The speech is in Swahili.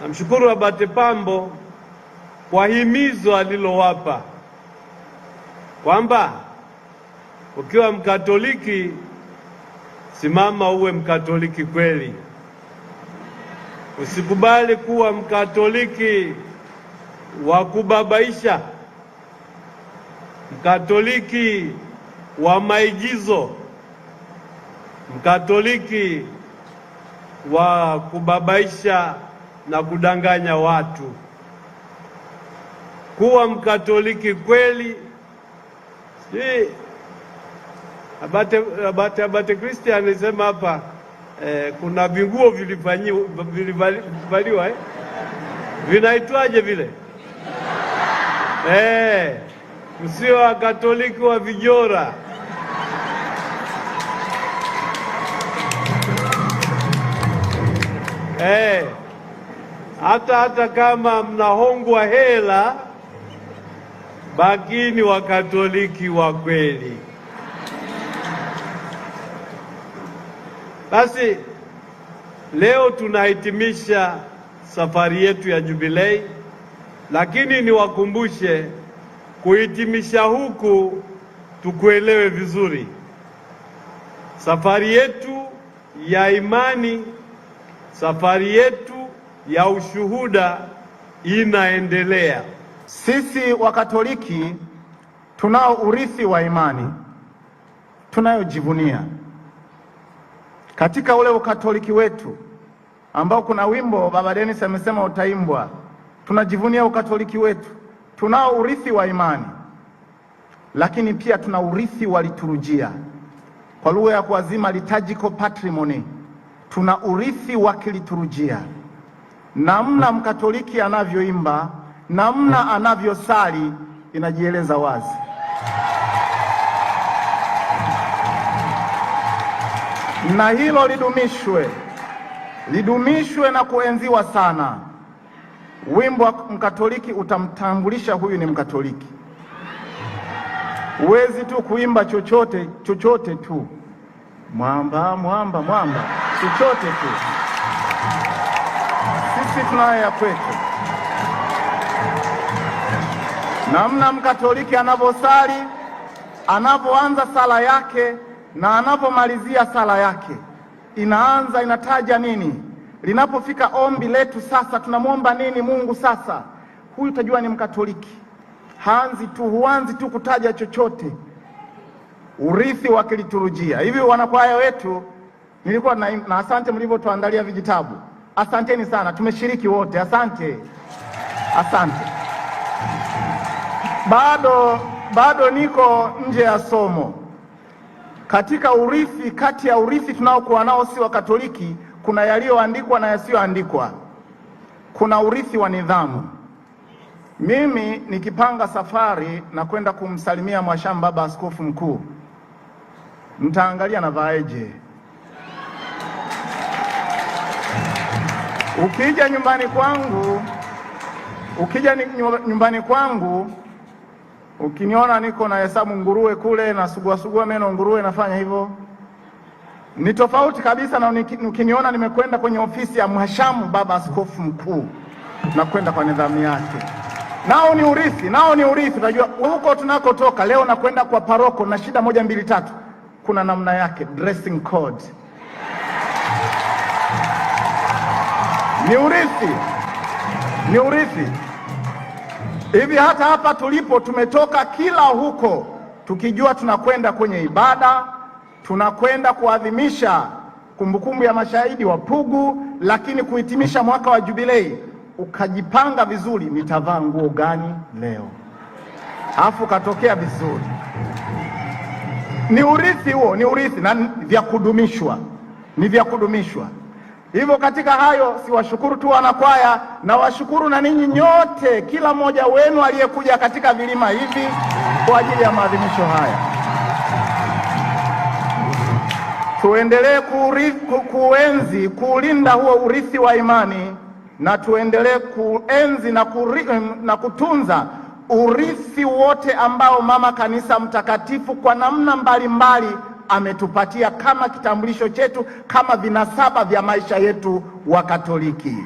Namshukuru Abate Pambo kwa himizo alilowapa kwamba ukiwa Mkatoliki simama uwe Mkatoliki kweli, usikubali kuwa Mkatoliki wa kubabaisha, Mkatoliki wa maigizo, Mkatoliki wa kubabaisha na kudanganya watu. Kuwa mkatoliki kweli si Abate, Abate, Abate Christian alisema hapa eh, kuna vinguo vilivaliwa eh? Vinaitwaje vile eh, msio wa katoliki wa vijora eh hata hata kama mnahongwa hela, bakini wakatoliki wa kweli. Basi leo tunahitimisha safari yetu ya Jubilei, lakini niwakumbushe kuhitimisha huku tukuelewe vizuri. Safari yetu ya imani, safari yetu ya ushuhuda inaendelea. Sisi Wakatoliki tunao urithi wa imani tunayojivunia katika ule ukatoliki wetu ambao kuna wimbo Baba Denis amesema utaimbwa. Tunajivunia ukatoliki wetu, tunao urithi wa imani, lakini pia tuna urithi wa liturujia, kwa lugha ya kuazima liturgical patrimony. Tuna urithi wa kiliturujia namna Mkatoliki anavyoimba, namna anavyosali inajieleza wazi. Na hilo lidumishwe, lidumishwe na kuenziwa sana. Wimbo wa Mkatoliki utamtambulisha huyu ni Mkatoliki. Huwezi tu kuimba chochote chochote tu, mwamba mwamba mwamba, chochote tu maksi tunayoyapweka, namna mkatoliki anavyosali, anavyoanza sala yake na anapomalizia sala yake, inaanza inataja nini. Linapofika ombi letu sasa, tunamwomba nini Mungu? Sasa huyu utajua ni mkatoliki. Haanzi tu, huanzi tu kutaja chochote, urithi wa kiliturujia. Hivi wanakwaya wetu nilikuwa na, na asante mlivyotuandalia vijitabu Asanteni sana, tumeshiriki wote. Asante, asante. Bado bado niko nje ya somo katika urithi. Kati ya urithi tunaokuwa nao si wa Katoliki, kuna yaliyoandikwa na yasiyoandikwa. Kuna urithi wa nidhamu. Mimi nikipanga safari na kwenda kumsalimia Mwashamba Baba Askofu Mkuu, mtaangalia navaaje. Ukija nyumbani kwangu, ukija nyumbani kwangu ukiniona niko na hesabu nguruwe kule na sugua sugua meno nguruwe, nafanya hivyo, ni tofauti kabisa na ukiniona nimekwenda kwenye ofisi ya mhashamu baba askofu mkuu na kwenda kwa nidhamu yake. Nao ni urithi, nao ni urithi. Unajua huko tunakotoka leo, nakwenda kwa paroko na shida moja mbili tatu, kuna namna yake dressing code ni urithi, ni urithi. Hivi hata hapa tulipo tumetoka kila huko, tukijua tunakwenda kwenye ibada, tunakwenda kuadhimisha kumbukumbu ya mashahidi wa Pugu, lakini kuhitimisha mwaka wa jubilei, ukajipanga vizuri, nitavaa nguo gani leo, alafu ukatokea vizuri. Ni urithi huo, ni urithi na vya kudumishwa, ni vya kudumishwa. Hivyo katika hayo siwashukuru tu wanakwaya, na washukuru na ninyi nyote, kila mmoja wenu aliyekuja katika vilima hivi kwa ajili ya maadhimisho haya. Tuendelee kuenzi, kuulinda huo urithi wa imani, na tuendelee kuenzi na, kuri, na kutunza urithi wote ambao mama kanisa mtakatifu kwa namna mbalimbali mbali, ametupatia kama kitambulisho chetu, kama vinasaba vya maisha yetu wa Katoliki.